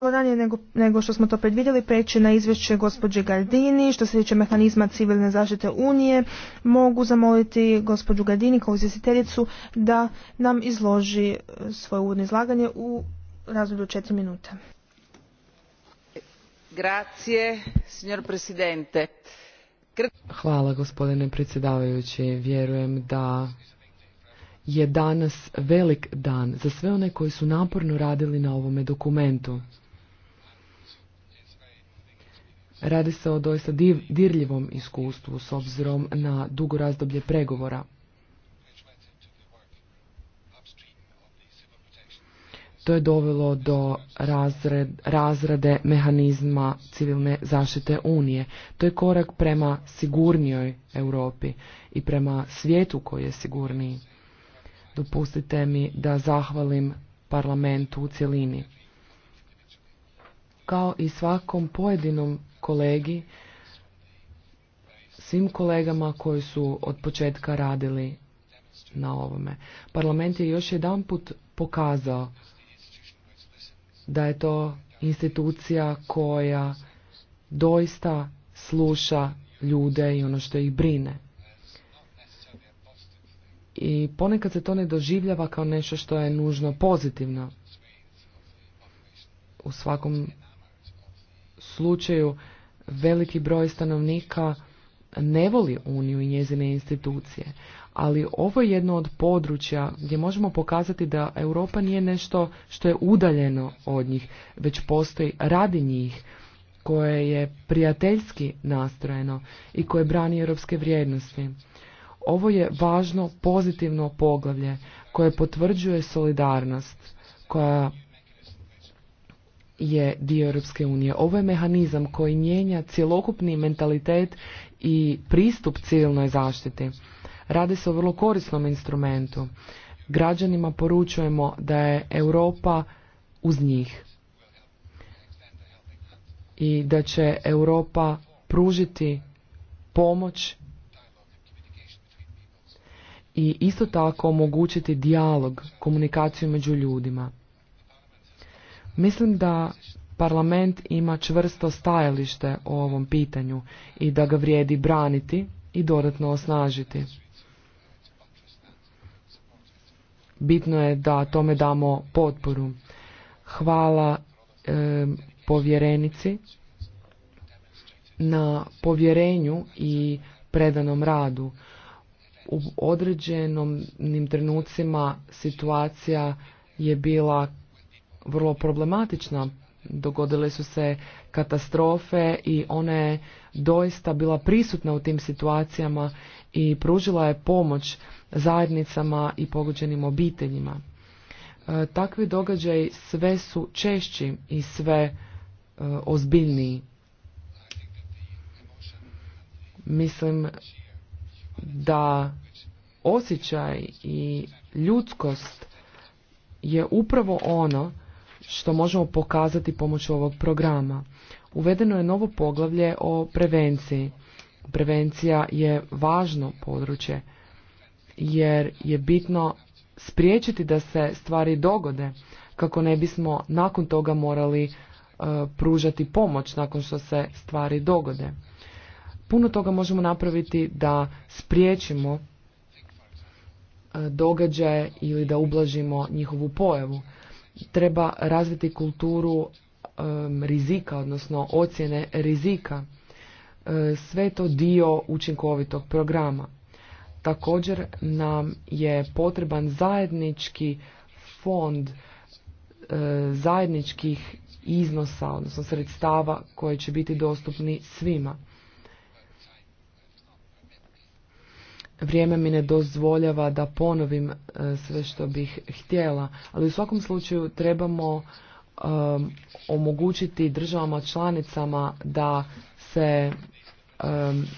ranije nego, nego što smo to predvidjeli preći na izvješće gospođe Gardini što se tiče mehanizma civilne zaštite Unije mogu zamoliti gospođu Gardini kao izvjestiteljicu da nam izloži e, svoje uvodno izlaganje u razvoju četiri minute. Grazie, signor Hvala gospodine predsjedavajući. Vjerujem da je danas velik dan za sve one koji su naporno radili na ovome dokumentu. Radi se o doista dirljivom iskustvu s obzirom na dugo razdoblje pregovora. To je dovelo do razrade mehanizma civilne zaštite Unije. To je korak prema sigurnijoj Europi i prema svijetu koji je sigurniji. Dopustite mi da zahvalim parlamentu u cjelini. Kao i svakom pojedinom kolegi, svim kolegama koji su od početka radili na ovome. Parlament je još jedan put pokazao da je to institucija koja doista sluša ljude i ono što ih brine. I ponekad se to ne doživljava kao nešto što je nužno pozitivno. U svakom slučaju veliki broj stanovnika ne voli Uniju i njezine institucije, ali ovo je jedno od područja gdje možemo pokazati da Europa nije nešto što je udaljeno od njih, već postoji radi njih koje je prijateljski nastrojeno i koje brani europske vrijednosti. Ovo je važno pozitivno poglavlje koje potvrđuje solidarnost koja je dio Europske unije. Ovo je mehanizam koji mijenja cjelokupni mentalitet i pristup civilnoj zaštiti. Radi se o vrlo korisnom instrumentu. Građanima poručujemo da je Europa uz njih i da će Europa pružiti pomoć i isto tako omogućiti dijalog, komunikaciju među ljudima. Mislim da parlament ima čvrsto stajalište o ovom pitanju i da ga vrijedi braniti i dodatno osnažiti. Bitno je da tome damo potporu. Hvala povjerenici na povjerenju i predanom radu. U određenim trenucima situacija je bila vrlo problematična. Dogodile su se katastrofe i ona je doista bila prisutna u tim situacijama i pružila je pomoć zajednicama i pogođenim obiteljima. E, takvi događaji sve su češći i sve e, ozbiljniji. Mislim da osjećaj i ljudskost je upravo ono što možemo pokazati pomoću ovog programa. Uvedeno je novo poglavlje o prevenciji. Prevencija je važno područje jer je bitno spriječiti da se stvari dogode kako ne bismo nakon toga morali e, pružati pomoć nakon što se stvari dogode. Puno toga možemo napraviti da spriječimo e, događaje ili da ublažimo njihovu pojavu treba razviti kulturu rizika, odnosno ocjene rizika. E, sve to dio učinkovitog programa. Također nam je potreban zajednički fond e, zajedničkih iznosa, odnosno sredstava koje će biti dostupni svima. Vrijeme mi ne dozvoljava da ponovim e, sve što bih htjela, ali u svakom slučaju trebamo e, omogućiti državama članicama da se e,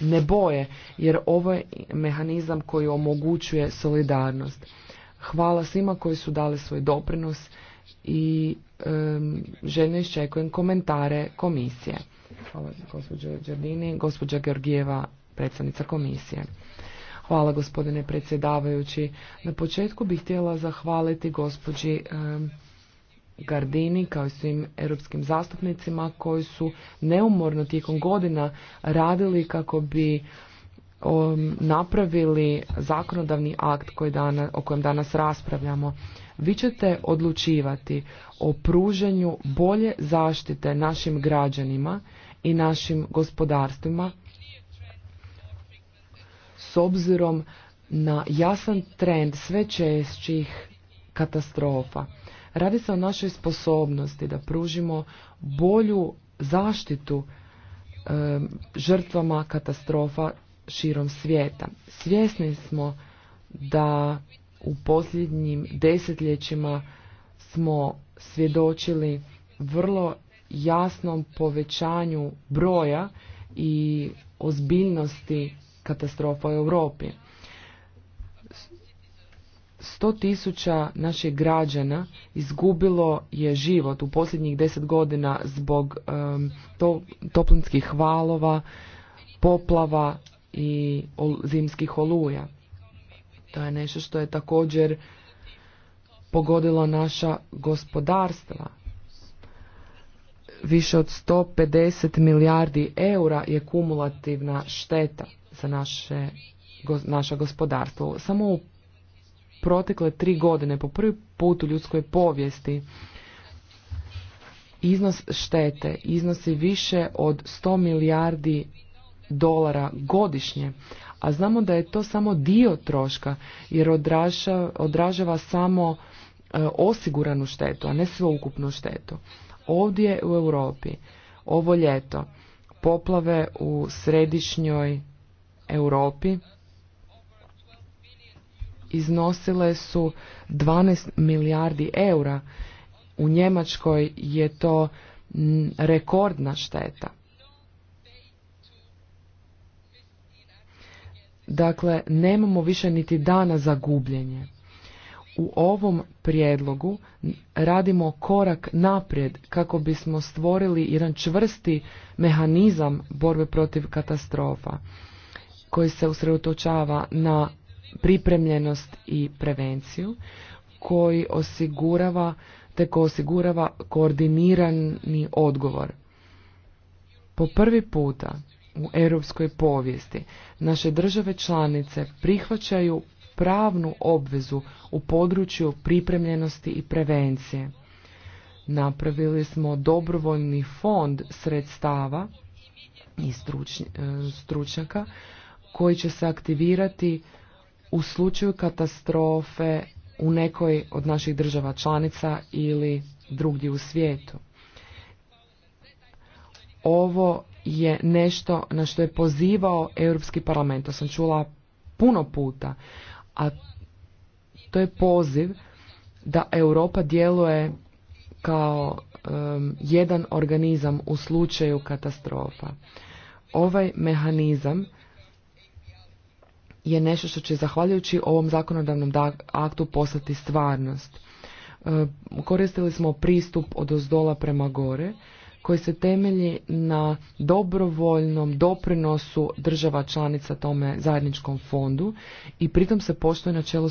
ne boje, jer ovo je mehanizam koji omogućuje solidarnost. Hvala svima koji su dali svoj doprinos i um, željno iščekujem komentare komisije. Hvala gospođo Đardini, gospođa Georgijeva, predsjednica komisije. Hvala gospodine predsjedavajući. Na početku bih htjela zahvaliti gospođi Gardini kao i svim europskim zastupnicima koji su neumorno tijekom godina radili kako bi napravili zakonodavni akt o kojem danas raspravljamo. Vi ćete odlučivati o pruženju bolje zaštite našim građanima i našim gospodarstvima s obzirom na jasan trend sve češćih katastrofa. Radi se o našoj sposobnosti da pružimo bolju zaštitu žrtvama katastrofa širom svijeta. Svjesni smo da u posljednjim desetljećima smo svjedočili vrlo jasnom povećanju broja i ozbiljnosti katastrofa u Europi. Sto tisuća naših građana izgubilo je život u posljednjih deset godina zbog um, to, toplinskih valova, poplava i zimskih oluja. To je nešto što je također pogodilo naša gospodarstva više od 150 milijardi eura je kumulativna šteta za naše, naša gospodarstvo. Samo u protekle tri godine, po prvi put u ljudskoj povijesti, iznos štete iznosi više od 100 milijardi dolara godišnje, a znamo da je to samo dio troška jer odražava, odražava samo e, osiguranu štetu, a ne sveukupnu štetu ovdje u Europi ovo ljeto poplave u središnjoj Europi iznosile su 12 milijardi eura. U Njemačkoj je to rekordna šteta. Dakle, nemamo više niti dana za gubljenje u ovom prijedlogu radimo korak naprijed kako bismo stvorili jedan čvrsti mehanizam borbe protiv katastrofa koji se usredotočava na pripremljenost i prevenciju koji osigurava te ko osigurava koordinirani odgovor. Po prvi puta u europskoj povijesti naše države članice prihvaćaju pravnu obvezu u području pripremljenosti i prevencije. Napravili smo dobrovoljni fond sredstava i e, stručnjaka koji će se aktivirati u slučaju katastrofe u nekoj od naših država članica ili drugdje u svijetu. Ovo je nešto na što je pozivao Europski parlament, to sam čula puno puta a to je poziv da Europa djeluje kao jedan organizam u slučaju katastrofa. Ovaj mehanizam je nešto što će zahvaljujući ovom zakonodavnom aktu postati stvarnost. Koristili smo pristup od ozdola prema gore koji se temelji na dobrovoljnom doprinosu država članica tome zajedničkom fondu i pritom se poštuje načelo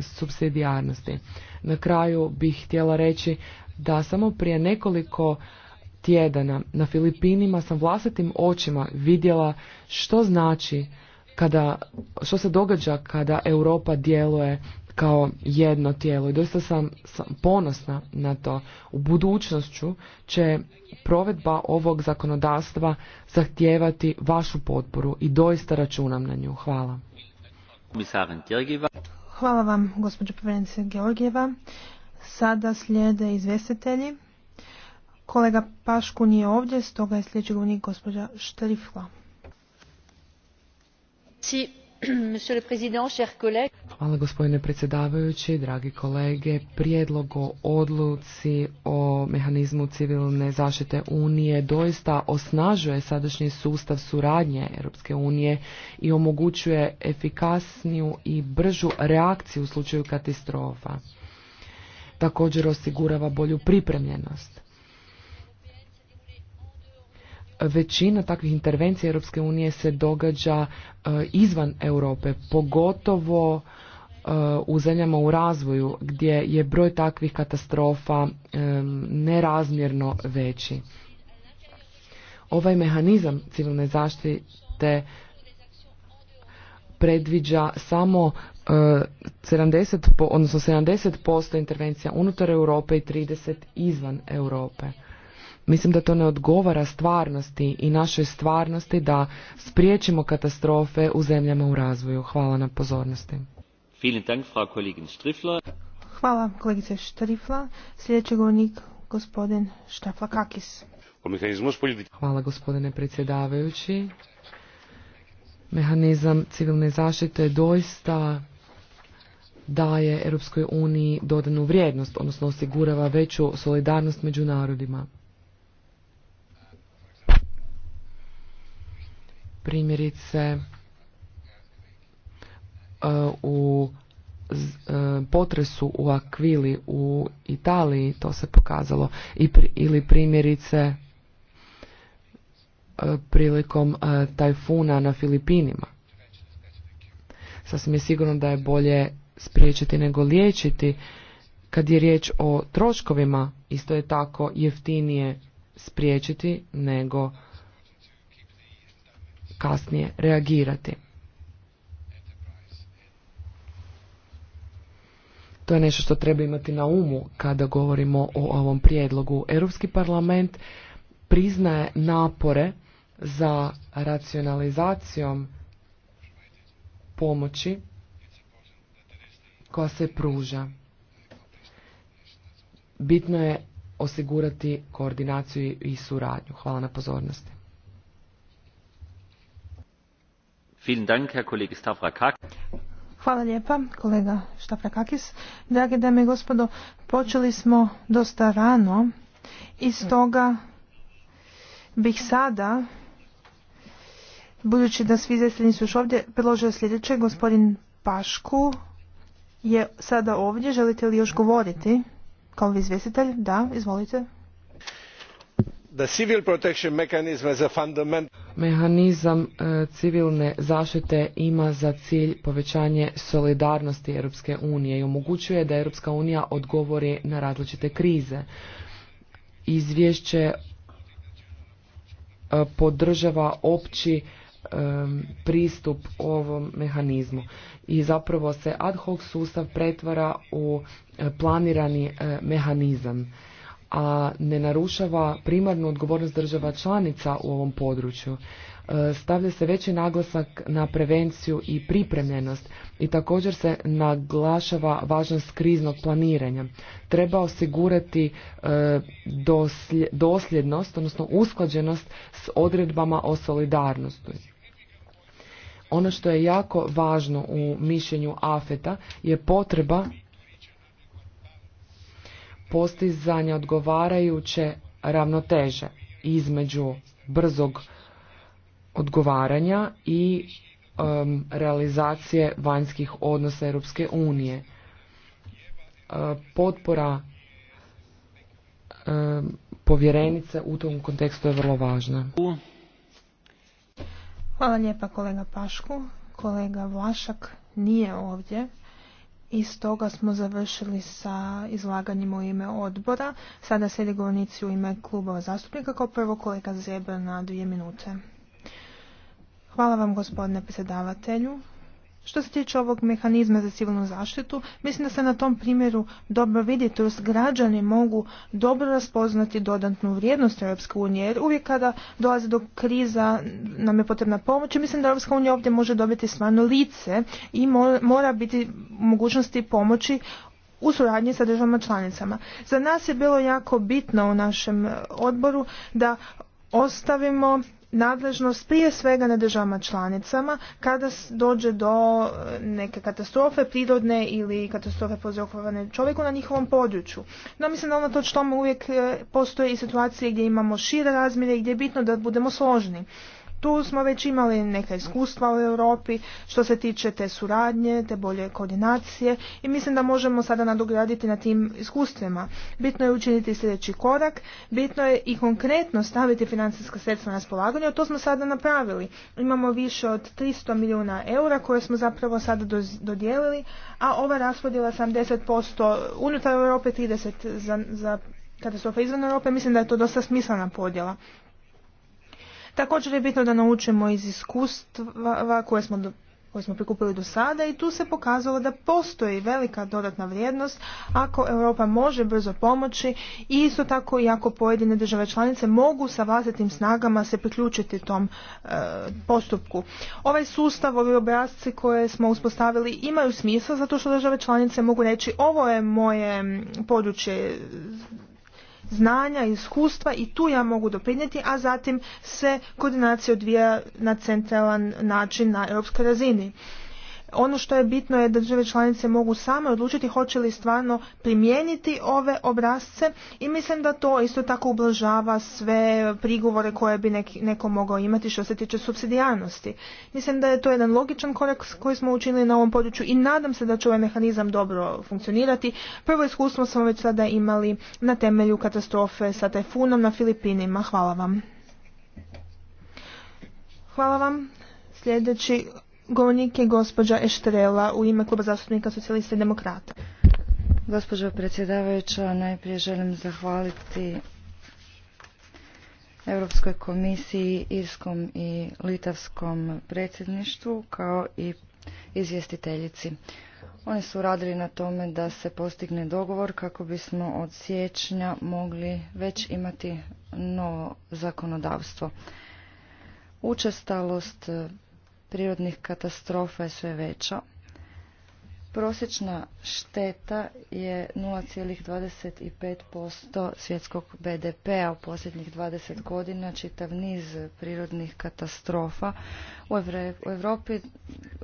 subsidijarnosti. Na kraju bih htjela reći da samo prije nekoliko tjedana na Filipinima sam vlastitim očima vidjela što znači kada, što se događa kada Europa djeluje kao jedno tijelo i doista sam, sam ponosna na to. U budućnošću će provedba ovog zakonodavstva zahtijevati vašu potporu i doista računam na nju. Hvala. Hvala vam, gospođo povjerenice Georgijeva. Sada slijede izvjestitelji. Kolega Pašku nije ovdje, stoga je sljedeći govornik gospođa Štrifla. Hvala gospodine predsjedavajući, dragi kolege. Prijedlog o odluci o mehanizmu civilne zaštite Unije doista osnažuje sadašnji sustav suradnje Europske unije i omogućuje efikasniju i bržu reakciju u slučaju katastrofa. Također osigurava bolju pripremljenost većina takvih intervencija Europske unije se događa e, izvan Europe, pogotovo e, u zemljama u razvoju gdje je broj takvih katastrofa e, nerazmjerno veći. Ovaj mehanizam civilne zaštite predviđa samo 70, odnosno intervencija unutar Europe i 30 izvan Europe. Mislim da to ne odgovara stvarnosti i našoj stvarnosti da spriječimo katastrofe u zemljama u razvoju. Hvala na pozornosti. Hvala kolegice Štrifla. Sljedeći govornik gospodin Štaflakakis. Hvala gospodine predsjedavajući. Mehanizam civilne zaštite doista daje Europskoj uniji dodanu vrijednost, odnosno osigurava veću solidarnost među narodima. primjerice e, u e, potresu u Akvili u Italiji, to se pokazalo, ili primjerice e, prilikom tajfuna na Filipinima. Sasvim je sigurno da je bolje spriječiti nego liječiti. Kad je riječ o troškovima, isto je tako jeftinije spriječiti nego kasnije reagirati. To je nešto što treba imati na umu kada govorimo o ovom prijedlogu. Europski parlament priznaje napore za racionalizacijom pomoći koja se pruža. Bitno je osigurati koordinaciju i suradnju. Hvala na pozornosti. Hvala lijepa, kolega stavrakakis Drage dame i gospodo, počeli smo dosta rano i stoga bih sada, budući da svi izvjestitelji nisu još ovdje, predložio sljedeće. Gospodin Pašku je sada ovdje. Želite li još govoriti kao izvjestitelj? Da, izvolite. Mehanizam e, civilne zaštite ima za cilj povećanje solidarnosti Europske unije i omogućuje da Europska unija odgovori na različite krize. Izvješće e, podržava opći e, pristup ovom mehanizmu i zapravo se ad hoc sustav pretvara u planirani mehanizam a ne narušava primarnu odgovornost država članica u ovom području. E, stavlja se veći naglasak na prevenciju i pripremljenost i također se naglašava važnost kriznog planiranja. Treba osigurati e, dosljednost, odnosno usklađenost s odredbama o solidarnosti. Ono što je jako važno u mišljenju AFETA je potreba postizanja odgovarajuće ravnoteže između brzog odgovaranja i realizacije vanjskih odnosa Europske unije. E, potpora povjerenice u tom kontekstu je vrlo važna. Hvala lijepa kolega Pašku. Kolega Vlašak nije ovdje. I stoga smo završili sa izlaganjem u ime odbora. Sada sedi govornici u ime klubova zastupnika, kao prvo kolega Zebra na dvije minute. Hvala vam gospodine predsjedavatelju. Što se tiče ovog mehanizma za civilnu zaštitu, mislim da se na tom primjeru dobro vidi, to građani mogu dobro raspoznati dodatnu vrijednost Europske unije, jer uvijek kada dolazi do kriza nam je potrebna pomoć i mislim da Europska unija ovdje može dobiti stvarno lice i mora biti mogućnosti pomoći u suradnji sa državama članicama. Za nas je bilo jako bitno u našem odboru da ostavimo nadležnost prije svega na državama članicama kada dođe do e, neke katastrofe prirodne ili katastrofe pozrokovane čovjeku na njihovom području. No mislim da unatoč ono što uvijek e, postoje i situacije gdje imamo šire razmjere i gdje je bitno da budemo složni. Tu smo već imali neka iskustva u Europi što se tiče te suradnje, te bolje koordinacije i mislim da možemo sada nadograditi na tim iskustvima. Bitno je učiniti sljedeći korak, bitno je i konkretno staviti financijska sredstva na raspolaganje, to smo sada napravili. Imamo više od 300 milijuna eura koje smo zapravo sada dodijelili, a ova raspodjela 70% unutar Europe, 30% za, za katastrofe izvan Europe, mislim da je to dosta smislena podjela. Također je bitno da naučimo iz iskustva koje smo smo prikupili do sada i tu se pokazalo da postoji velika dodatna vrijednost ako Europa može brzo pomoći i isto tako i ako pojedine države članice mogu sa vlastitim snagama se priključiti tom e, postupku. Ovaj sustav, ovi obrazci koje smo uspostavili imaju smisla zato što države članice mogu reći ovo je moje područje znanja, iskustva i tu ja mogu doprinijeti, a zatim se koordinacija odvija na centralan način na europskoj razini. Ono što je bitno je da države članice mogu same odlučiti hoće li stvarno primijeniti ove obrazce i mislim da to isto tako ublažava sve prigovore koje bi neko mogao imati što se tiče subsidijarnosti. Mislim da je to jedan logičan korak koji smo učinili na ovom području i nadam se da će ovaj mehanizam dobro funkcionirati. Prvo iskustvo smo već sada imali na temelju katastrofe sa tajfunom na Filipinima. Hvala vam. Hvala vam. Sljedeći Govornik je gospođa Eštrela u ime Kluba zastupnika socijalista i demokrata. Gospođo predsjedavajuća, najprije želim zahvaliti Europskoj komisiji, Irskom i Litavskom predsjedništvu kao i izvjestiteljici. Oni su radili na tome da se postigne dogovor kako bismo od siječnja mogli već imati novo zakonodavstvo. Učestalost prirodnih katastrofa je sve veća. Prosječna šteta je 0,25% svjetskog BDP-a u posljednjih 20 godina, čitav niz prirodnih katastrofa. U Europi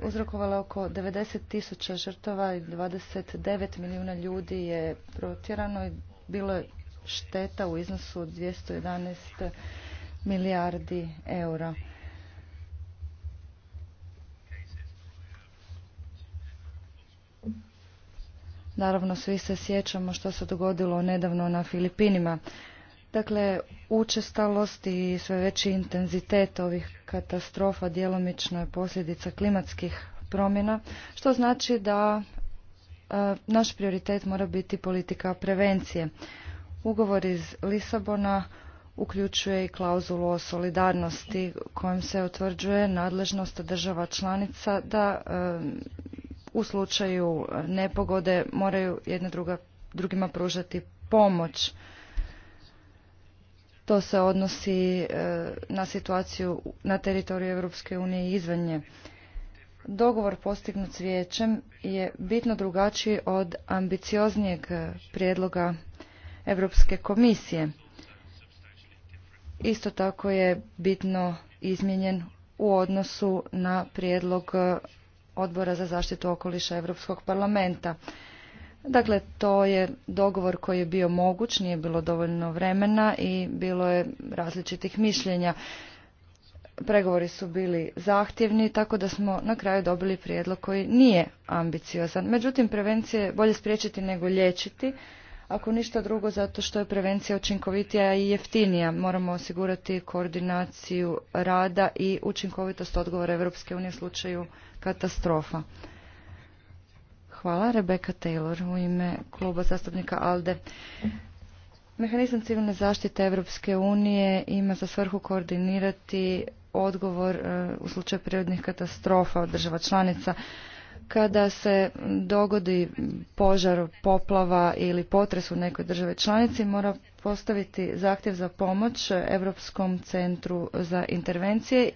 uzrokovala oko 90 tisuća žrtava i 29 milijuna ljudi je protjerano i bilo je šteta u iznosu od 211 milijardi eura. Naravno, svi se sjećamo što se dogodilo nedavno na Filipinima. Dakle, učestalost i sve veći intenzitet ovih katastrofa djelomično je posljedica klimatskih promjena, što znači da e, naš prioritet mora biti politika prevencije. Ugovor iz Lisabona uključuje i klauzulu o solidarnosti kojom se utvrđuje nadležnost država članica da e, u slučaju e, nepogode moraju jedna druga, drugima pružati pomoć. To se odnosi e, na situaciju na teritoriju Europske unije i izvan nje. Dogovor postignut s vijećem je bitno drugačiji od ambicioznijeg e, prijedloga Europske komisije. Isto tako je bitno izmijenjen u odnosu na prijedlog odbora za zaštitu okoliša Europskog parlamenta. Dakle, to je dogovor koji je bio moguć, nije bilo dovoljno vremena i bilo je različitih mišljenja. Pregovori su bili zahtjevni, tako da smo na kraju dobili prijedlog koji nije ambiciozan. Međutim, prevencije je bolje spriječiti nego liječiti ako ništa drugo zato što je prevencija učinkovitija i jeftinija. Moramo osigurati koordinaciju rada i učinkovitost odgovora Europske unije u slučaju katastrofa. Hvala. Rebecca Taylor u ime kluba zastupnika ALDE. Mehanizam civilne zaštite Europske unije ima za svrhu koordinirati odgovor e, u slučaju prirodnih katastrofa od država članica kada se dogodi požar, poplava ili potres u nekoj državi članici mora postaviti zahtjev za pomoć Europskom centru za intervencije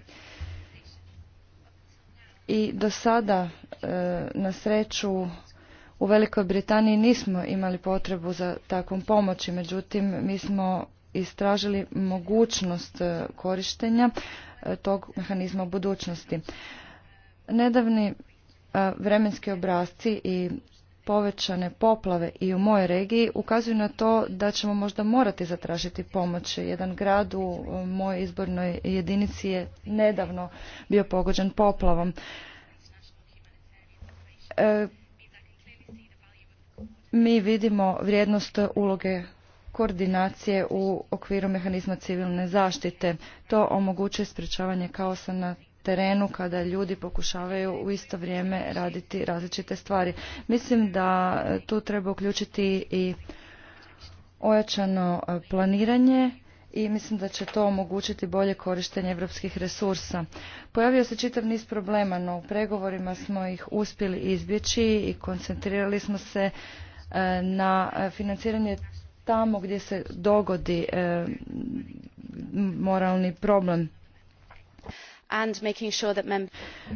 i do sada e, na sreću u Velikoj Britaniji nismo imali potrebu za takvom pomoći, međutim mi smo istražili mogućnost e, korištenja e, tog mehanizma u budućnosti. Nedavni vremenski obrazci i povećane poplave i u mojoj regiji ukazuju na to da ćemo možda morati zatražiti pomoć. Jedan grad u e, mojoj izbornoj jedinici je nedavno bio pogođen poplavom. E, mi vidimo vrijednost uloge koordinacije u okviru mehanizma civilne zaštite. To omogućuje sprječavanje kaosa na terenu kada ljudi pokušavaju u isto vrijeme raditi različite stvari. Mislim da e, tu treba uključiti i ojačano e, planiranje i mislim da će to omogućiti bolje korištenje europskih resursa. Pojavio se čitav niz problema, no u pregovorima smo ih uspjeli izbjeći i koncentrirali smo se e, na financiranje tamo gdje se dogodi moralni problem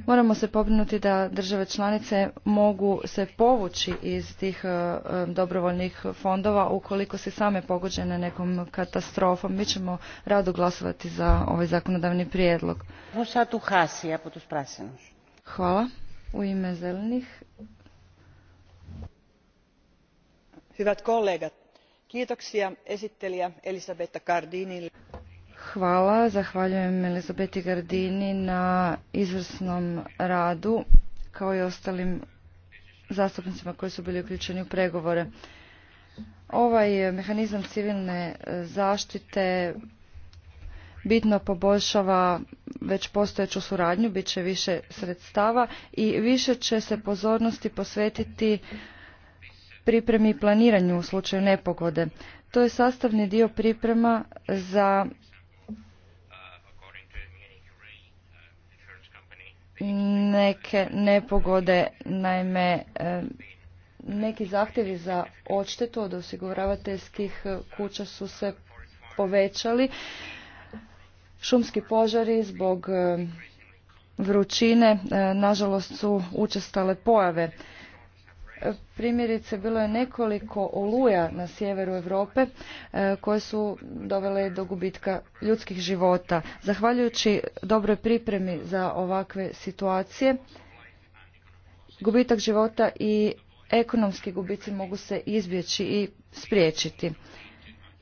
Moramo se pobrinuti da države članice mogu se povući iz tih e, e, dobrovoljnih fondova ukoliko se same pogođene nekom katastrofom. Mi ćemo rado glasovati za ovaj zakonodavni prijedlog. Hvala. U ime zelenih. Hyvät kollegat, Hvala, zahvaljujem Elizabeti Gardini na izvrsnom radu kao i ostalim zastupnicima koji su bili uključeni u pregovore. Ovaj mehanizam civilne zaštite bitno poboljšava već postojeću suradnju, bit će više sredstava i više će se pozornosti posvetiti pripremi i planiranju u slučaju nepogode. To je sastavni dio priprema za neke nepogode, naime neki zahtjevi za odštetu od osiguravateljskih kuća su se povećali. Šumski požari zbog vrućine nažalost su učestale pojave. Primjerice, bilo je nekoliko oluja na sjeveru Europe e, koje su dovele do gubitka ljudskih života. Zahvaljujući dobroj pripremi za ovakve situacije, gubitak života i ekonomski gubici mogu se izbjeći i spriječiti.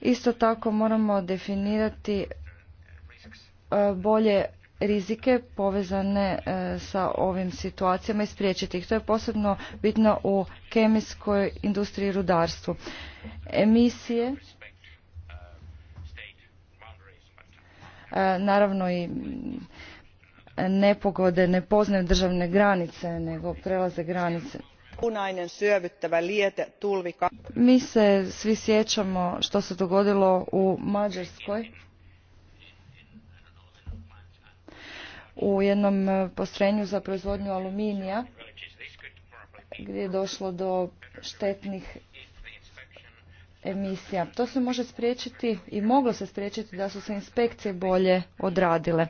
Isto tako moramo definirati e, bolje rizike povezane e, sa ovim situacijama i spriječiti ih. To je posebno bitno u kemijskoj industriji i rudarstvu. Emisije e, naravno i nepogode ne poznaju državne granice nego prelaze granice. Mi se svi sjećamo što se dogodilo u Mađarskoj u jednom e, postrojenju za proizvodnju aluminija gdje je došlo do štetnih emisija. To se može spriječiti i moglo se spriječiti da su se inspekcije bolje odradile.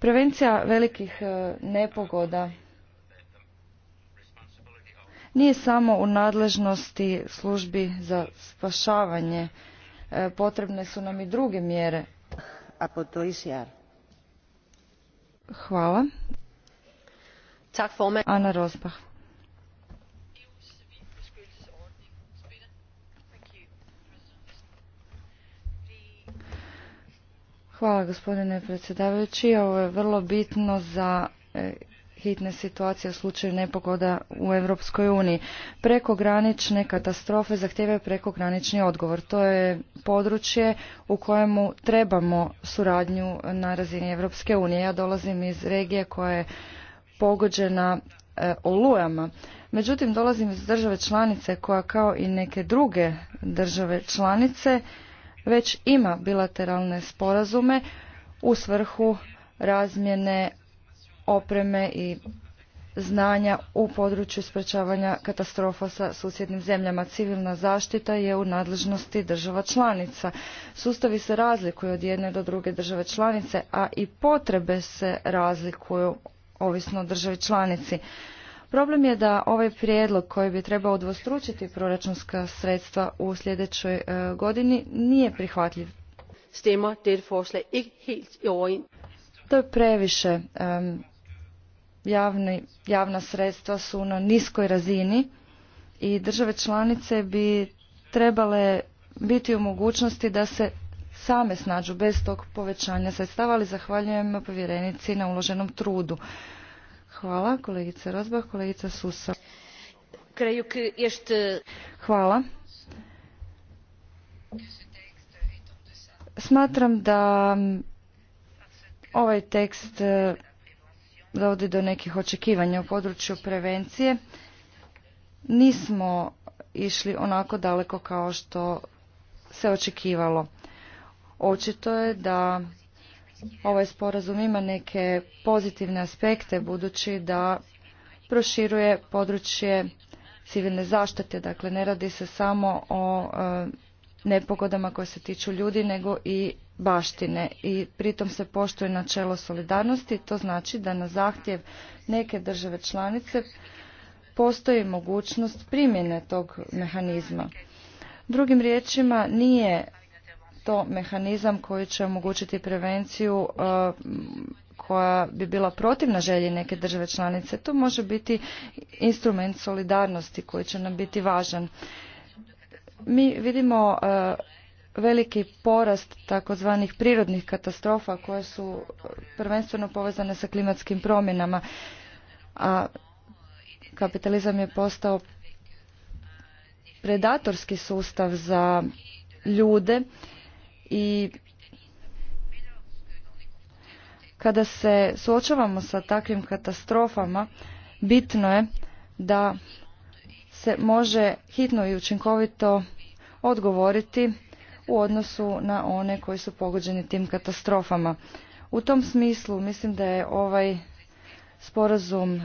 Prevencija velikih e, nepogoda nije samo u nadležnosti službi za spašavanje. E, potrebne su nam i druge mjere. A po to Hvala. Ana Rosbach. Hvala gospodine predsjedavajući. Ovo je vrlo bitno za e, hitne situacije u slučaju nepogoda u Europskoj uniji. Prekogranične katastrofe zahtijevaju prekogranični odgovor. To je područje u kojemu trebamo suradnju na razini Europske unije. Ja dolazim iz regije koja je pogođena e, olujama. Međutim, dolazim iz države članice koja kao i neke druge države članice već ima bilateralne sporazume u svrhu razmjene opreme i znanja u području sprečavanja katastrofa sa susjednim zemljama. Civilna zaštita je u nadležnosti država članica. Sustavi se razlikuju od jedne do druge države članice, a i potrebe se razlikuju ovisno o državi članici. Problem je da ovaj prijedlog koji bi trebao udvostručiti proračunska sredstva u sljedećoj e, godini nije prihvatljiv. Stemmer forslag ikke helt i To je previše Javni, javna sredstva su na niskoj razini i države članice bi trebale biti u mogućnosti da se same snađu bez tog povećanja sredstava, ali zahvaljujem povjerenici na uloženom trudu. Hvala, kolegice Rozbah, kolegica Susa. Hvala. Smatram da ovaj tekst dovodi do nekih očekivanja u području prevencije. Nismo išli onako daleko kao što se očekivalo. Očito je da ovaj sporazum ima neke pozitivne aspekte budući da proširuje područje civilne zaštite. Dakle, ne radi se samo o e, nepogodama koje se tiču ljudi, nego i baštine i pritom se poštuje načelo solidarnosti. To znači da na zahtjev neke države članice postoji mogućnost primjene tog mehanizma. Drugim riječima nije to mehanizam koji će omogućiti prevenciju e, koja bi bila protivna želji neke države članice. To može biti instrument solidarnosti koji će nam biti važan. Mi vidimo e, veliki porast takozvanih prirodnih katastrofa koje su prvenstveno povezane sa klimatskim promjenama a kapitalizam je postao predatorski sustav za ljude i kada se suočavamo sa takvim katastrofama bitno je da se može hitno i učinkovito odgovoriti u odnosu na one koji su pogođeni tim katastrofama. U tom smislu mislim da je ovaj sporazum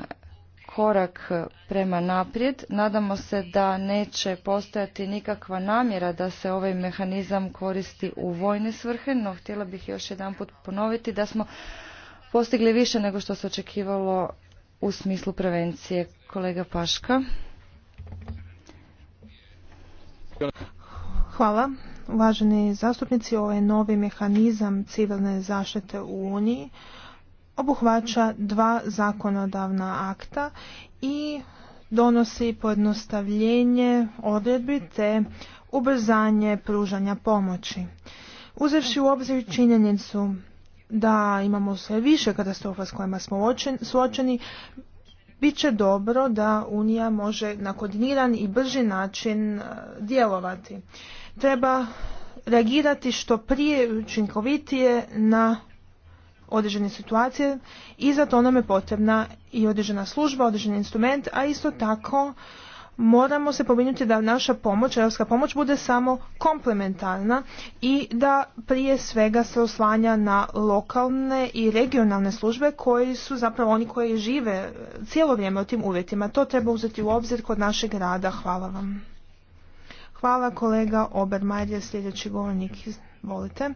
korak prema naprijed. Nadamo se da neće postojati nikakva namjera da se ovaj mehanizam koristi u vojne svrhe, no htjela bih još jedanput ponoviti da smo postigli više nego što se očekivalo u smislu prevencije. Kolega Paška. Hvala. Uvaženi zastupnici, ovaj novi mehanizam civilne zaštite u Uniji obuhvaća dva zakonodavna akta i donosi pojednostavljenje odredbi te ubrzanje pružanja pomoći. Uzevši u obzir činjenicu da imamo sve više katastrofa s kojima smo suočeni, bit će dobro da Unija može na koordiniran i brži način e, djelovati. Treba reagirati što prije i učinkovitije na određene situacije i za to nam je potrebna i određena služba, određeni instrument, a isto tako moramo se pominuti da naša pomoć, europska pomoć bude samo komplementarna i da prije svega se oslanja na lokalne i regionalne službe koji su zapravo oni koji žive cijelo vrijeme u tim uvjetima. To treba uzeti u obzir kod našeg rada. Hvala vam. Hvala kolega Obermajer, sljedeći govornik. Izvolite.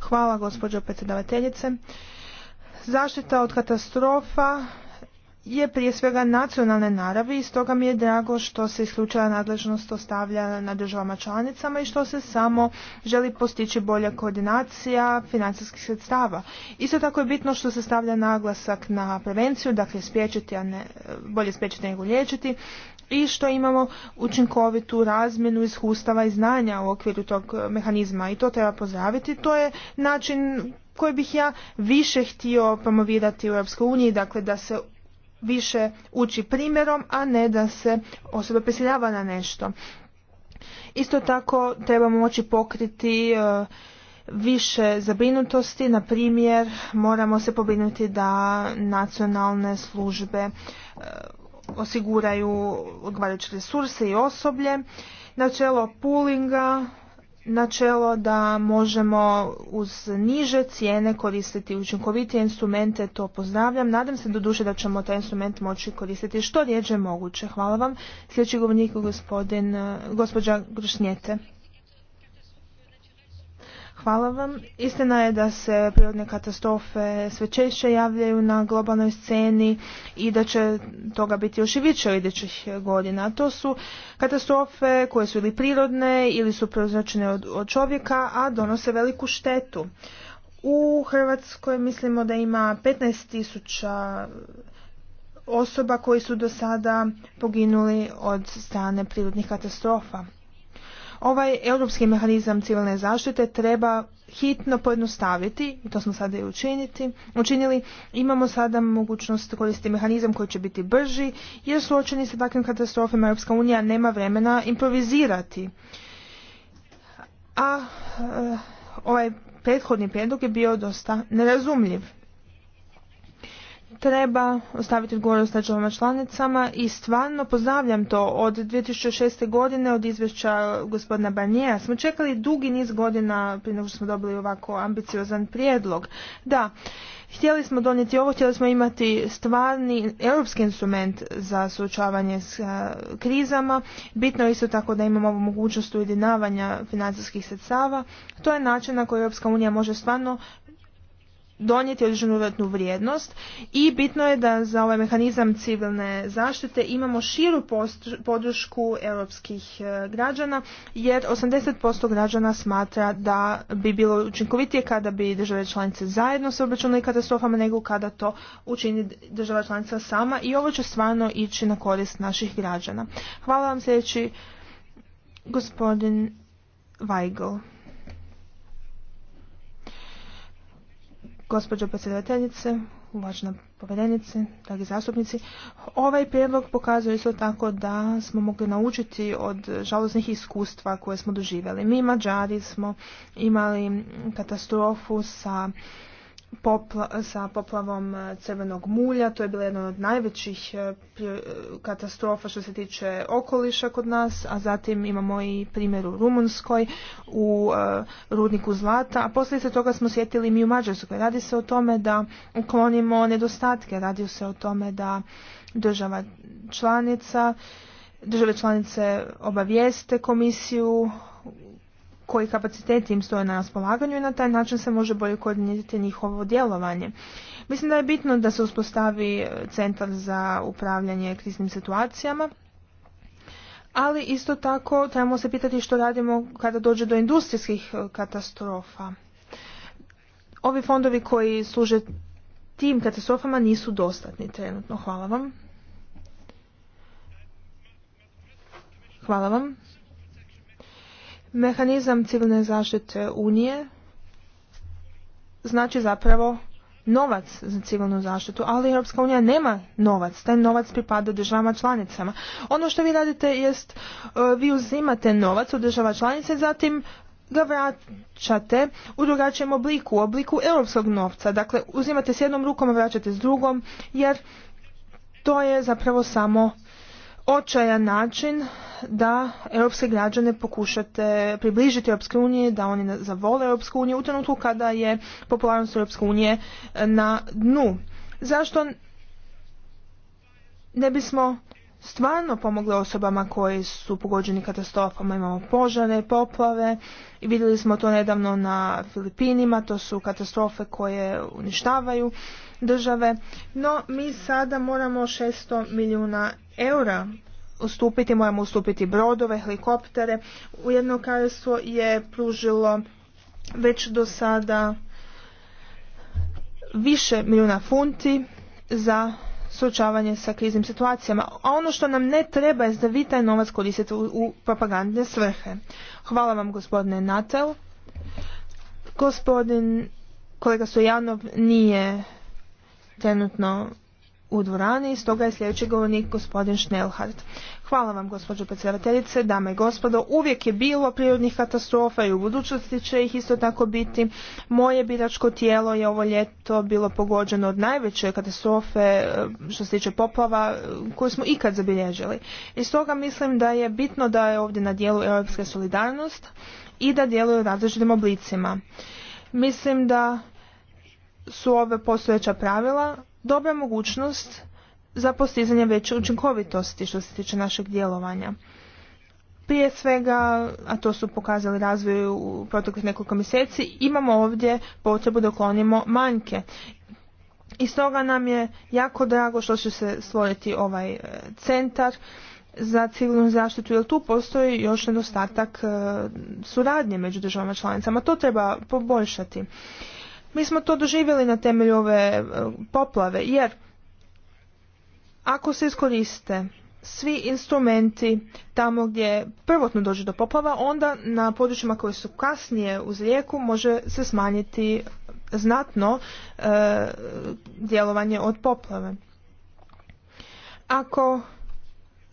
Hvala gospođo predsjedavateljice. Zaštita od katastrofa je prije svega nacionalne naravi i stoga mi je drago što se isključila nadležnost ostavlja na državama članicama i što se samo želi postići bolja koordinacija financijskih sredstava. Isto tako je bitno što se stavlja naglasak na prevenciju, dakle spriječiti, a ne bolje spriječiti nego liječiti, i što imamo učinkovitu razmjenu iskustava i znanja u okviru tog e, mehanizma i to treba pozdraviti. To je način koji bih ja više htio promovirati u EU, dakle da se više uči primjerom, a ne da se osoba prisiljava na nešto. Isto tako trebamo moći pokriti e, više zabrinutosti, na primjer moramo se pobrinuti da nacionalne službe e, osiguraju odgovarajuće resurse i osoblje, načelo poolinga, načelo da možemo uz niže cijene koristiti učinkovitije instrumente, to pozdravljam. Nadam se doduše da ćemo taj instrument moći koristiti što rijeđe moguće. Hvala vam. Sljedeći govornik gospođa Grušnjete. Hvala vam. Istina je da se prirodne katastrofe sve češće javljaju na globalnoj sceni i da će toga biti još i više u idućih godina. To su katastrofe koje su ili prirodne ili su prouzročene od, čovjeka, a donose veliku štetu. U Hrvatskoj mislimo da ima 15 tisuća osoba koji su do sada poginuli od strane prirodnih katastrofa. Ovaj europski mehanizam civilne zaštite treba hitno pojednostaviti, to smo sada i učiniti, učinili. Imamo sada mogućnost koristiti mehanizam koji će biti brži, jer suočeni sa takvim katastrofama Europska unija nema vremena improvizirati. A eh, ovaj prethodni prijedlog je bio dosta nerazumljiv treba ostaviti odgovornost na državama članicama i stvarno pozdravljam to. Od 2006. godine od izvješća gospodina Barnijera smo čekali dugi niz godina prije nego što smo dobili ovako ambiciozan prijedlog. Da, htjeli smo donijeti ovo, htjeli smo imati stvarni europski instrument za suočavanje s krizama. Bitno je isto tako da imamo ovu mogućnost ujedinavanja financijskih sredstava. To je način na koji Europska unija može stvarno donijeti određenu dodatnu vrijednost i bitno je da za ovaj mehanizam civilne zaštite imamo širu podršku europskih e, građana jer 80% građana smatra da bi bilo učinkovitije kada bi države članice zajedno se obračunali katastrofama nego kada to učini država članica sama i ovo će stvarno ići na korist naših građana. Hvala vam sljedeći gospodin Weigl. Gospođo predsjedateljice, uvažena povedenice, dragi zastupnici, ovaj prijedlog pokazuje isto tako da smo mogli naučiti od žalosnih iskustva koje smo doživjeli. Mi Mađari smo imali katastrofu sa popla sa poplavom e, crvenog mulja. To je bila jedna od najvećih e, e, katastrofa što se tiče okoliša kod nas, a zatim imamo i primjer u Rumunskoj, u rudniku zlata, a poslije se toga smo sjetili mi u Mađarskoj. Radi se o tome da uklonimo nedostatke, radi se o tome da država članica, države članice obavijeste komisiju koji kapaciteti im stoje na raspolaganju i na taj način se može bolje koordinirati njihovo djelovanje. Mislim da je bitno da se uspostavi e, centar za upravljanje kriznim situacijama, ali isto tako trebamo se pitati što radimo kada dođe do industrijskih e, katastrofa. Ovi fondovi koji služe tim katastrofama nisu dostatni trenutno. Hvala vam. Hvala vam. Mehanizam civilne zaštite Unije znači zapravo novac za civilnu zaštitu, ali Europska unija nema novac, taj novac pripada državama članicama. Ono što vi radite jest e, vi uzimate novac od država članice, zatim ga vraćate u drugačijem obliku, u obliku europskog novca. Dakle, uzimate s jednom rukom, a vraćate s drugom, jer to je zapravo samo očajan način da europske građane pokušate približiti Europske unije, da oni zavole Europsku uniju u trenutku kada je popularnost Europske unije e, na dnu. Zašto ne bismo stvarno pomogli osobama koji su pogođeni katastrofama. Imamo požare, poplave i vidjeli smo to nedavno na Filipinima. To su katastrofe koje uništavaju države. No, mi sada moramo 600 milijuna eura ustupiti, moramo ustupiti brodove, helikoptere. Ujedno kraljevstvo je pružilo već do sada više milijuna funti za suočavanje sa kriznim situacijama. A ono što nam ne treba je da vi taj novac koristite u propagandne svrhe. Hvala vam gospodine Natel. Gospodin kolega Sojanov nije trenutno u dvorani, stoga je sljedeći govornik gospodin Schnellhardt. Hvala vam gospođo predsjedateljice, dame i gospodo. Uvijek je bilo prirodnih katastrofa i u budućnosti će ih isto tako biti. Moje biračko tijelo je ovo ljeto bilo pogođeno od najveće katastrofe e, što se tiče poplava e, koju smo ikad zabilježili. I stoga mislim da je bitno da je ovdje na dijelu europska solidarnost i da djeluju različitim oblicima. Mislim da su ove postojeća pravila dobra mogućnost za postizanje veće učinkovitosti što se tiče našeg djelovanja. Prije svega, a to su pokazali razvoj u proteklih nekoliko mjeseci, imamo ovdje potrebu da uklonimo manjke. I stoga nam je jako drago što će se stvoriti ovaj e, centar za civilnu zaštitu, jer tu postoji još nedostatak e, suradnje među državama članicama. To treba poboljšati. Mi smo to doživjeli na temelju ove e, poplave, jer ako se iskoriste svi instrumenti tamo gdje prvotno dođe do poplava, onda na područjima koji su kasnije uz rijeku može se smanjiti znatno e, djelovanje od poplave. Ako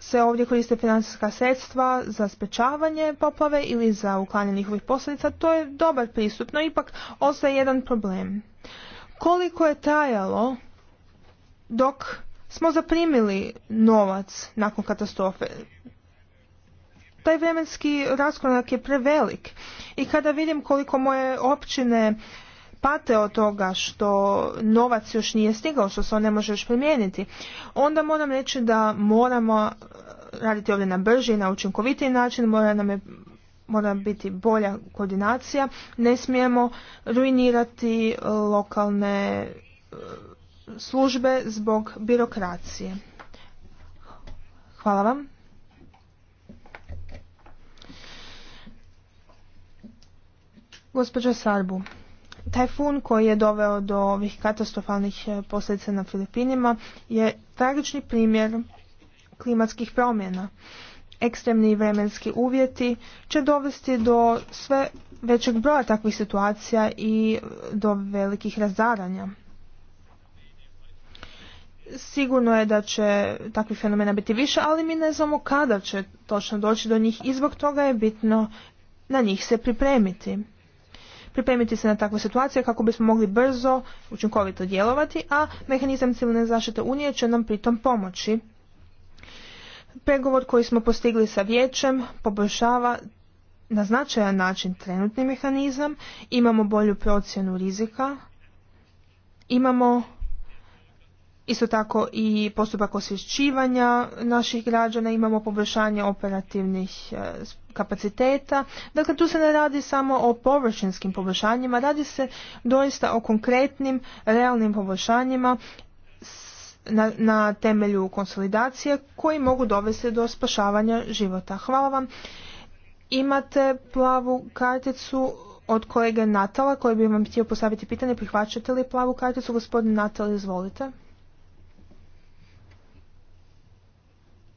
se ovdje koriste financijska sredstva za sprečavanje poplave ili za uklanjanje njihovih posljedica, to je dobar pristup, no ipak ostaje jedan problem. Koliko je trajalo dok smo zaprimili novac nakon katastrofe? Taj vremenski raskonak je prevelik i kada vidim koliko moje općine pate od toga što novac još nije stigao, što se on ne može još primijeniti, onda moram reći da moramo eh, raditi ovdje na brži i na učinkovitiji način, mora nam je mora biti bolja koordinacija, ne smijemo ruinirati eh, lokalne eh, službe zbog birokracije. Hvala vam. Sarbu. Tajfun koji je doveo do ovih katastrofalnih e, posljedica na Filipinima je tragični primjer klimatskih promjena. Ekstremni vremenski uvjeti će dovesti do sve većeg broja takvih situacija i e, do velikih razaranja. Sigurno je da će takvih fenomena biti više, ali mi ne znamo kada će točno doći do njih i zbog toga je bitno na njih se pripremiti pripremiti se na takve situacije kako bismo mogli brzo, učinkovito djelovati, a mehanizam civilne zaštite Unije će nam pritom pomoći. Pregovor koji smo postigli sa vijećem poboljšava na značajan način trenutni mehanizam, imamo bolju procjenu rizika, imamo Isto tako i postupak osvješćivanja naših građana, imamo poboljšanje operativnih e, kapaciteta. Dakle, tu se ne radi samo o površinskim poboljšanjima, radi se doista o konkretnim, realnim poboljšanjima na, na temelju konsolidacije koji mogu dovesti do spašavanja života. Hvala vam. Imate plavu karticu od kolege Natala koji bi vam htio postaviti pitanje. Prihvaćate li plavu karticu? Gospodin Natal, izvolite.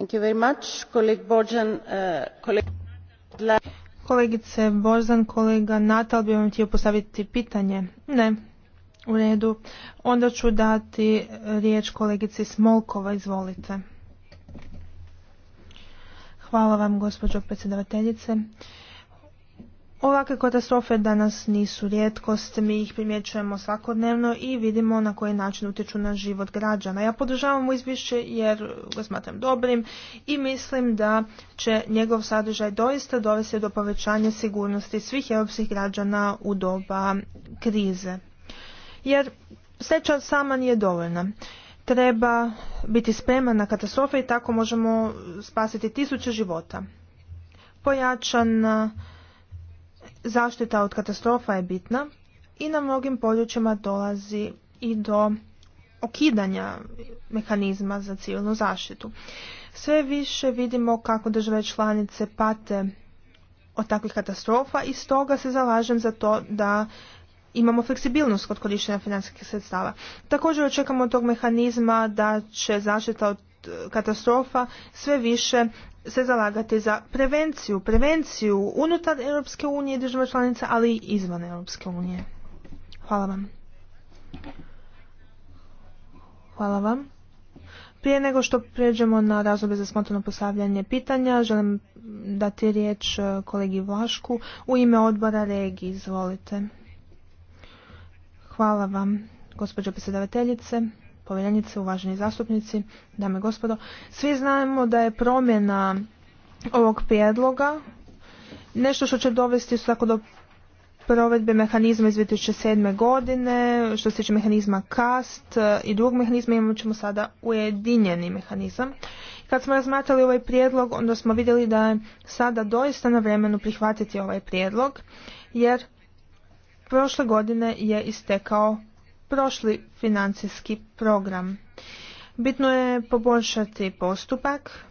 Uh, Kolegice Borzan, kolega Natal bi vam htio postaviti pitanje. Ne, u redu. Onda ću dati e, riječ kolegici Smolkova, izvolite. Hvala vam, gospođo predsjedavateljice. Ovakve katastrofe danas nisu rijetkost, mi ih primjećujemo svakodnevno i vidimo na koji način utječu na život građana. Ja podržavam mu izvješće jer ga smatram dobrim i mislim da će njegov sadržaj doista dovesti do povećanja sigurnosti svih europskih građana u doba krize. Jer sreća sama nije dovoljna treba biti spreman na katastrofe i tako možemo spasiti tisuće života. Pojačana zaštita od katastrofa je bitna i na mnogim područjima dolazi i do okidanja mehanizma za civilnu zaštitu. Sve više vidimo kako države članice pate od takvih katastrofa i stoga se zalažem za to da imamo fleksibilnost kod korištenja financijskih sredstava. Također očekamo od tog mehanizma da će zaštita od katastrofa sve više se zalagati za prevenciju, prevenciju unutar Europske unije država članica, ali i izvan Europske unije. Hvala vam. Hvala vam. Prije nego što pređemo na razlobe za smotrano postavljanje pitanja, želim dati riječ e, kolegi Vlašku u ime odbora regiji. Izvolite. Hvala vam, gospođo predsjedavateljice povjerenice, uvaženi zastupnici, dame i gospodo. Svi znamo da je promjena ovog prijedloga nešto što će dovesti tako do provedbe mehanizma iz 2007. godine, što se tiče mehanizma CAST e, i drugog mehanizma imamo ćemo sada ujedinjeni mehanizam. Kad smo razmatrali ovaj prijedlog, onda smo vidjeli da je sada doista na vremenu prihvatiti ovaj prijedlog, jer prošle godine je istekao prošli financijski program. Bitno je poboljšati postupak.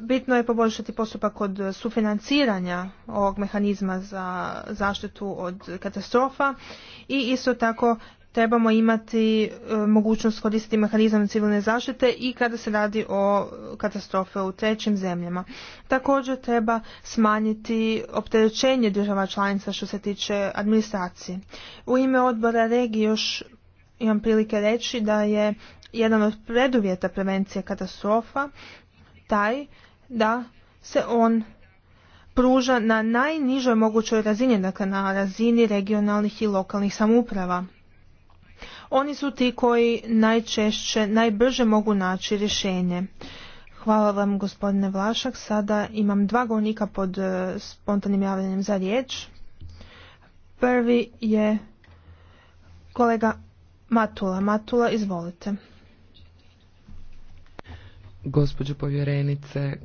Bitno je poboljšati postupak od sufinanciranja ovog mehanizma za zaštitu od katastrofa i isto tako trebamo imati e, mogućnost koristiti mehanizam civilne zaštite i kada se radi o katastrofe u trećim zemljama. Također treba smanjiti opterećenje država članica što se tiče administracije. U ime odbora regije još imam prilike reći da je jedan od preduvjeta prevencije katastrofa taj da se on pruža na najnižoj mogućoj razini, dakle na razini regionalnih i lokalnih samouprava. Oni su ti koji najčešće, najbrže mogu naći rješenje. Hvala vam gospodine Vlašak. Sada imam dva govornika pod e, spontanim javljanjem za riječ. Prvi je kolega Matula. Matula, izvolite. Gospođo povjerenice,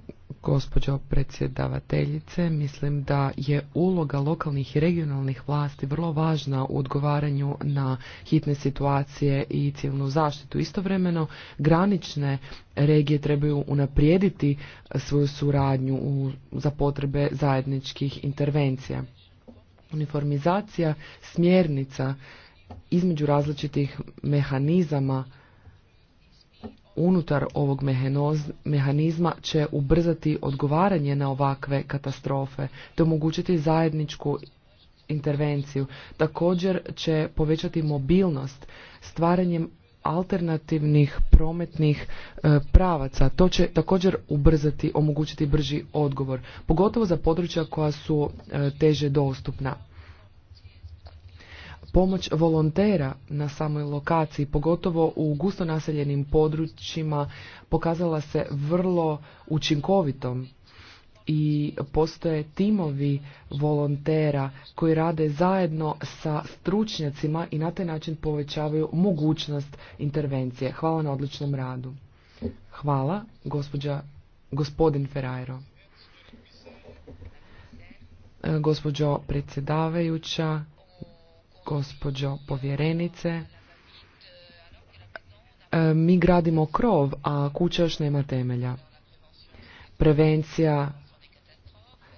gospođo predsjedavateljice, mislim da je uloga lokalnih i regionalnih vlasti vrlo važna u odgovaranju na hitne situacije i civilnu zaštitu. Istovremeno, granične regije trebaju unaprijediti svoju suradnju za potrebe zajedničkih intervencija. Uniformizacija smjernica između različitih mehanizama unutar ovog mehanizma će ubrzati odgovaranje na ovakve katastrofe te omogućiti zajedničku intervenciju. Također će povećati mobilnost stvaranjem alternativnih prometnih e, pravaca. To će također ubrzati, omogućiti brži odgovor, pogotovo za područja koja su e, teže dostupna. Pomoć volontera na samoj lokaciji, pogotovo u gusto naseljenim područjima, pokazala se vrlo učinkovitom i postoje timovi volontera koji rade zajedno sa stručnjacima i na taj način povećavaju mogućnost intervencije. Hvala na odličnom radu. Hvala, gospođa, gospodin Ferajro. E, gospođo predsjedavajuća, gospođo povjerenice. E, mi gradimo krov, a kuća još nema temelja. Prevencija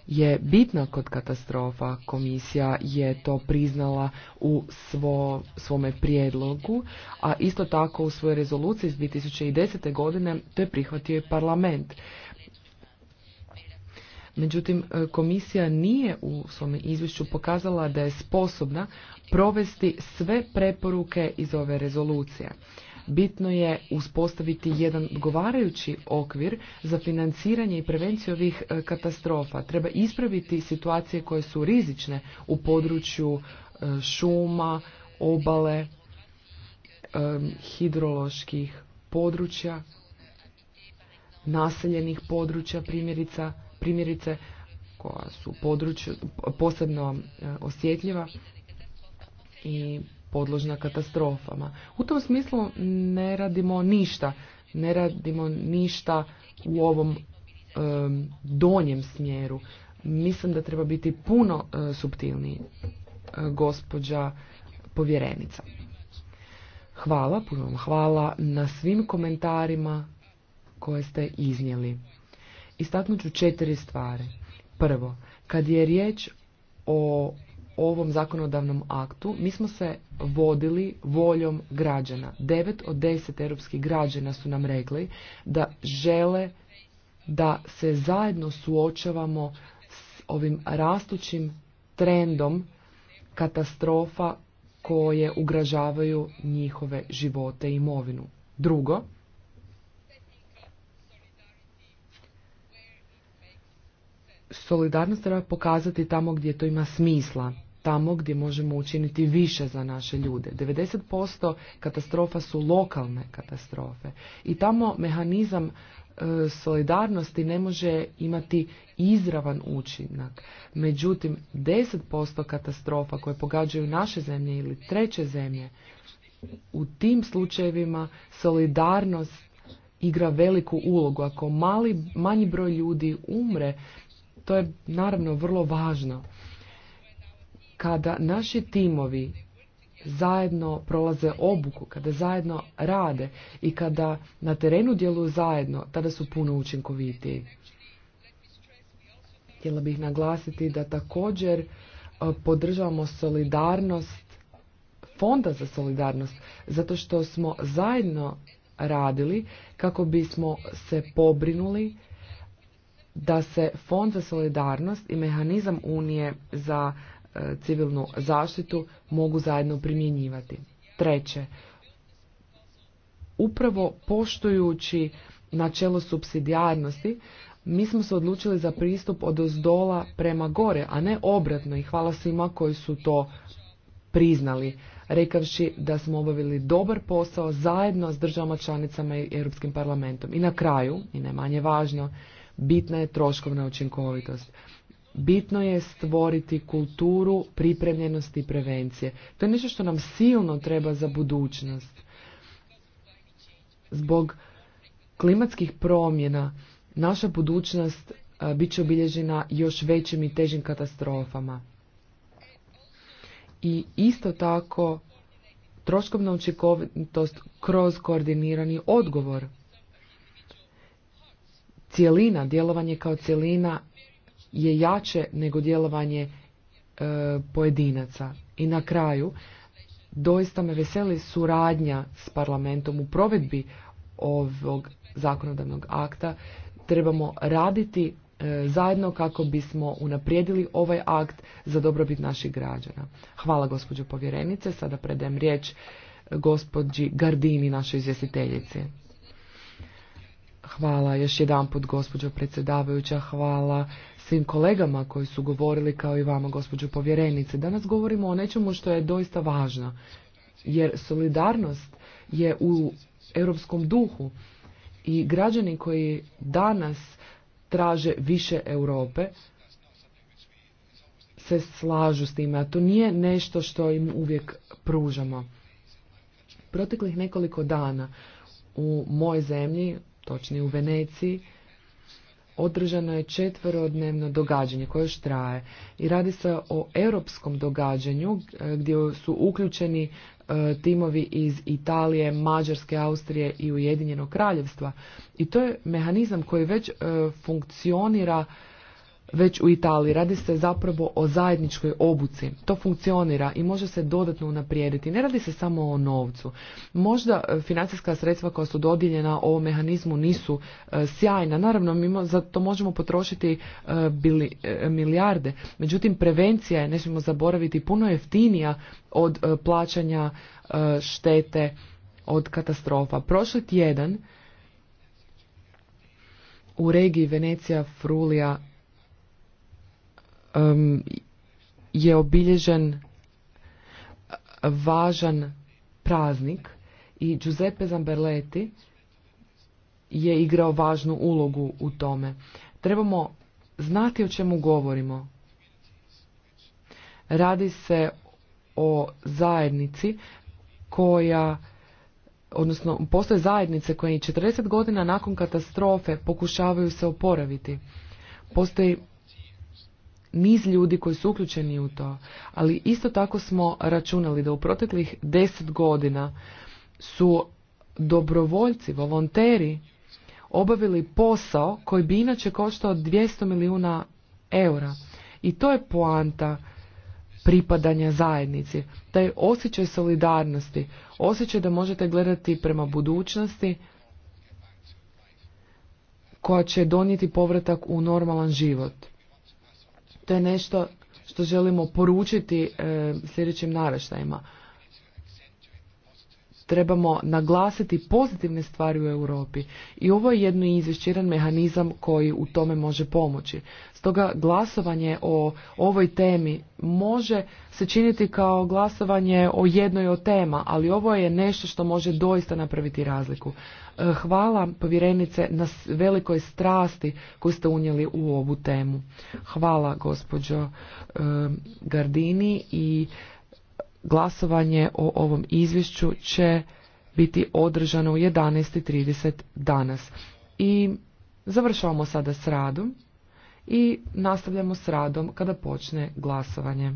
je bitna kod katastrofa. Komisija je to priznala u svo, svome prijedlogu, a isto tako u svojoj rezoluciji iz 2010. godine to je prihvatio i parlament. Međutim, e, komisija nije u svom izvješću pokazala da je sposobna provesti sve preporuke iz ove rezolucije. Bitno je uspostaviti jedan odgovarajući okvir za financiranje i prevenciju ovih e, katastrofa. Treba ispraviti situacije koje su rizične u području e, šuma, obale, hidroloških područja, naseljenih područja, primjerica primjerice koja su posebno e, osjetljiva i podložna katastrofama. U tom smislu ne radimo ništa, ne radimo ništa u ovom e, donjem smjeru. Mislim da treba biti puno e, suptilniji subtilniji gospođa povjerenica. Hvala, puno vam hvala na svim komentarima koje ste iznijeli. Istaknut ću četiri stvari. Prvo, kad je riječ o ovom zakonodavnom aktu, mi smo se vodili voljom građana. Devet od deset europskih građana su nam rekli da žele da se zajedno suočavamo s ovim rastućim trendom katastrofa koje ugražavaju njihove živote i imovinu. Drugo, solidarnost treba pokazati tamo gdje to ima smisla, tamo gdje možemo učiniti više za naše ljude. 90% katastrofa su lokalne katastrofe i tamo mehanizam e, solidarnosti ne može imati izravan učinak. Međutim, 10% katastrofa koje pogađaju naše zemlje ili treće zemlje, u tim slučajevima solidarnost igra veliku ulogu. Ako mali, manji broj ljudi umre to je naravno vrlo važno. Kada naši timovi zajedno prolaze obuku, kada zajedno rade i kada na terenu djeluju zajedno, tada su puno učinkovitiji. Htjela bih naglasiti da također e, podržavamo solidarnost, fonda za solidarnost, zato što smo zajedno radili kako bismo se pobrinuli da se Fond za solidarnost i mehanizam Unije za e, civilnu zaštitu mogu zajedno primjenjivati. Treće, upravo poštujući načelo subsidijarnosti, mi smo se odlučili za pristup od ozdola prema gore, a ne obratno i hvala svima koji su to priznali, rekavši da smo obavili dobar posao zajedno s državama članicama i Europskim parlamentom. I na kraju, i ne manje važno, bitna je troškovna učinkovitost. Bitno je stvoriti kulturu pripremljenosti i prevencije. To je nešto što nam silno treba za budućnost. Zbog klimatskih promjena naša budućnost e, bit će obilježena još većim i težim katastrofama. I isto tako troškovna učinkovitost kroz koordinirani odgovor cjelina, djelovanje kao cjelina je jače nego djelovanje e, pojedinaca. I na kraju, doista me veseli suradnja s parlamentom u provedbi ovog zakonodavnog akta. Trebamo raditi e, zajedno kako bismo unaprijedili ovaj akt za dobrobit naših građana. Hvala gospođo povjerenice, sada predajem riječ gospođi Gardini, našoj izvjestiteljici. Hvala još jedan put, gospođo predsjedavajuća, hvala svim kolegama koji su govorili kao i vama, gospođo povjerenice. Danas govorimo o nečemu što je doista važno, jer solidarnost je u europskom duhu i građani koji danas traže više Europe se slažu s time, a to nije nešto što im uvijek pružamo. Proteklih nekoliko dana u mojoj zemlji, točnije u Veneciji, održano je četverodnevno događanje koje još traje i radi se o europskom događanju e, gdje su uključeni e, timovi iz Italije, Mađarske, Austrije i Ujedinjenog kraljevstva. I to je mehanizam koji već e, funkcionira već u Italiji. Radi se zapravo o zajedničkoj obuci. To funkcionira i može se dodatno unaprijediti. Ne radi se samo o novcu. Možda e, financijska sredstva koja su dodijeljena ovom mehanizmu nisu e, sjajna. Naravno, mi za to možemo potrošiti e, milijarde. Međutim, prevencija je, ne smijemo zaboraviti, puno jeftinija od plaćanja štete od katastrofa. Prošli tjedan u regiji Venecija, Frulija je obilježen važan praznik i Giuseppe Zamberleti je igrao važnu ulogu u tome. Trebamo znati o čemu govorimo. Radi se o zajednici koja odnosno postoje zajednice koje 40 godina nakon katastrofe pokušavaju se oporaviti. Postoji niz ljudi koji su uključeni u to, ali isto tako smo računali da u proteklih deset godina su dobrovoljci, volonteri obavili posao koji bi inače koštao 200 milijuna eura. I to je poanta pripadanja zajednici, taj osjećaj solidarnosti, osjećaj da možete gledati prema budućnosti koja će donijeti povratak u normalan život. To je nešto što želimo poručiti e, sljedećim naraštajima trebamo naglasiti pozitivne stvari u Europi. I ovo je jedno izvješćiran mehanizam koji u tome može pomoći. Stoga glasovanje o ovoj temi može se činiti kao glasovanje o jednoj od tema, ali ovo je nešto što može doista napraviti razliku. E, hvala povjerenice na velikoj strasti koju ste unijeli u ovu temu. Hvala gospođo e, Gardini i Glasovanje o ovom izvješću će biti održano u 11.30 danas. I završavamo sada s radom i nastavljamo s radom kada počne glasovanje.